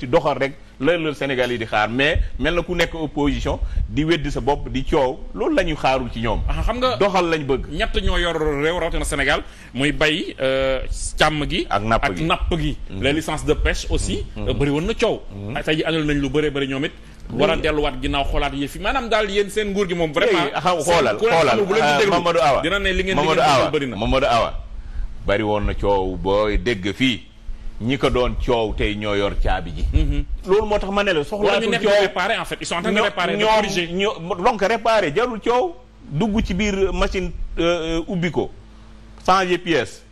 ci doxal rek lan la Sénégal yi di xaar mais mel na ku nekk opposition di weddi sa bopp di coow loolu la ñu xaarul ci ñoom. a xam nga doxal lañ bëgg. ñett ñoo yor réew rawatina Sénégal muy bay euh, càmm gi. ak napp gi ak napp gi. Mhm. les de pêche aussi. Mhm. Euh, bari woon na coow. Mhm. tey ji andal nañ lu bëree bëri ñoom it. war a delluwaat ginnaaw xoolaat yëf yi maanaam daal yéen seen nguur gi moom. vraiment xoolal xoolal bu leen ah, déglu dina ne li ngeen. Mamadou Awa Mamadou Awa bëri na. Mamadou woon na coow booy dégg fii ñi ko doon coow tey ñoo yor caabi ji. Mhm. loolu moo tax ma ne la soxlaatul coow réparer en fait ils sont en train de réparer de corriger ñoom donc réparer jarul coow dugg ci biir machine euh, euh, ubbi ko changer pièce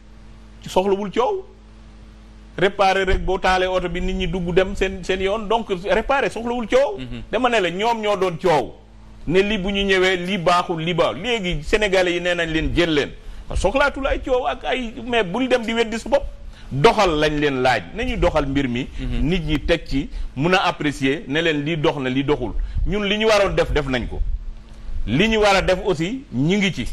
soxlawul coow. réparer rek boo taalee oto bi nit ñi dugg dem seen seen yoon donc réparer soxlawul coow. Mhm. dama ne la ñoom ñoo doon coow. ne li bu ñu ñëwee li baaxul li baax yi nee nañ leen jël leen soxlaatul ay coow ak ay mais bul dem di weddi su bopp. doxal lañ leen laaj nañu doxal mbir mi. Mhm. nit ñi teg ci mun a apprécier ne leen lii dox na lii doxul ñun li ñu waroon def def nañ ko. li ñu war a def aussi ñi ngi ci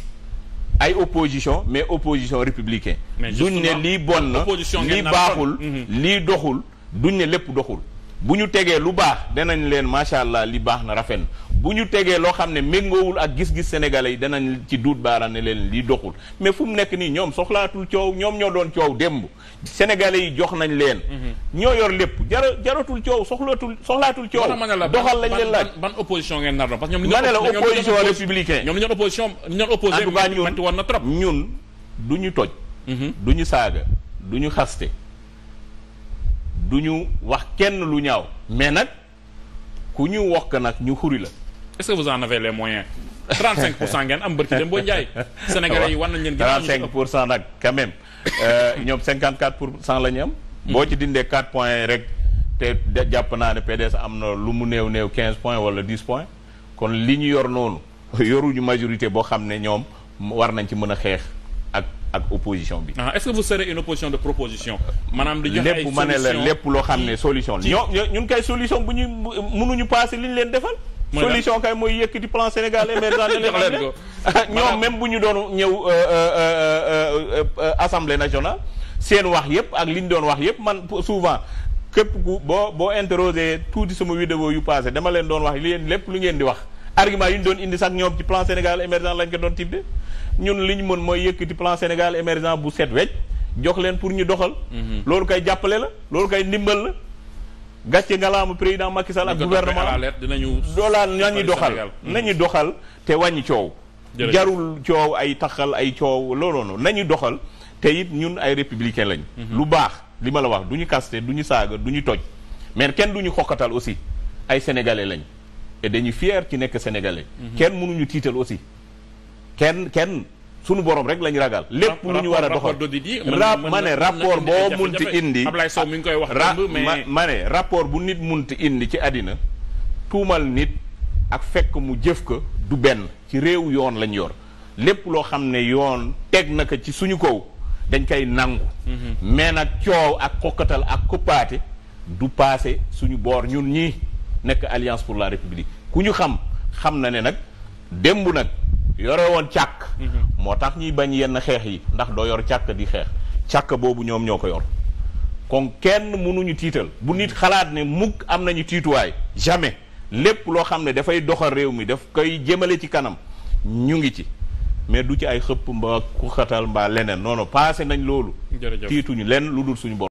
ay opposition mais opposition républicain. duñ ne lii bon na lii baaxul mhm. lii doxul duñ ne lépp doxul. bu ñu tegee lu baax danañ leen macha allah li baax na rafet na bu ñu tegee loo xam ne méngoowul ak gis-gis sénégalais yi danañ ci duut baara ne leen li doxul mais fu mu nekk nii ñoom soxlaatul coow ñoom ñoo doon coow démb sénégalais yi jox nañ leen mhm. ñoo yor lépp jara jaratul coow soxlaatul soxlaatul coow doxal lañ leen laaj ban opposition ngeen nar parce que ñoom ma ne la opposition républicain ñoom ñoo opposition ñoo opposé metti woon na trop ñun du ñu toj mhm. du ñu saaga du ñu xaste du ñu wax kenn lu ñaaw mais nag ku ñu wokk nag ñu xuri la est-ce que vous en avez les moyens. 35 pour cent ngeen am barki dem boo njaay. Sénégalais yi war nañ leen. gën 35 pour cent nag quand même euh, ñoom 54 pour cent la ñu am. Hmm. boo ci dindee 4 points rek te jàpp naa ne PDS am na lu mu néew néew 15 points wala 10 points kon li ñu yor noonu yoruñu majorité boo xam ne ñoom war nañ ci mën a xeex ak ak opposition bi. ah est-ce que vous serez une opposition de proposition. maanaam di joxe ay solution lépp ma ne la lépp loo xam ne solution. ñoo ñun kay solution bu ñu mënuñu passé li ñu leen defal. solution kay mooy yëkkati plan Sénégal émergent ne leen ko ah, ñoom même bu ñu doon ñëw euh, euh, euh, assemblée nationale seen wax yëpp ak li ñu doon wax yëpp man souvent képp ku boo boo interroger tuuti sama vidéo yu passé dama leen doon wax li lépp lu ngeen di wax argument yu ñu doon indi sax ñoom ci plan Sénégal émergent lañ ko doon tibbee ñun li ñu mën mooy yëkkati plan Sénégal émergent bu set wecc jox leen pour ñu doxal mhm. loolu koy jàppale la loolu kay ndimbal la gàcce ngalaama président Macky Sall ak gouvernement dinañu doolaa nañu doxal nañu doxal te wàññi coow jarul coow ay taxal ay coow looloo noonu nañu doxal te it ñun ay républicain lañ mhm. lu baax li ma la wax du ñu kaste du ñu saaga du ñu toj mais kenn du ñu xoqatal aussi ay sénégalais lañ et dañu fier ci nekk sénégalais mhm. kenn mënuñu tiital aussi kenn kenn sunu borom rek lañ ragal. lépp lu ñu war a doxal ra ma ne rapport boo munti indi. Ablaye Sow mi ngi koy wax ma ne rapport bu nit munt indi ci àddina tuumal nit ak fekk mu jëf ko du benn ci réew yoon lañ yor lépp loo xam ne yoon teg na ko ci suñu kaw dañ koy nangu. Mhm. mais nag coow ak kokkatal ak koppaate du paase suñu boor ñun ñii nekk alliance pour la république ku ñu xam xam na ne nag démb nag. yore woon càkk. Mhm. moo tax ñuy bañ yenn xeex yi ndax doo yor càkk di xeex càkk boobu ñoom ñoo ko yor kon kenn mënuñu tiital bu nit xalaat ne mukk am nañu tiituwaay jamais lépp loo xam ne dafay doxal réew mi daf kay jëmale ci kanam ñu ngi ci mais du ci ay xëpp mba ku xatal mbaa leneen noonu non nañ loolu. tiituñu lenn lu dul suñu bopp.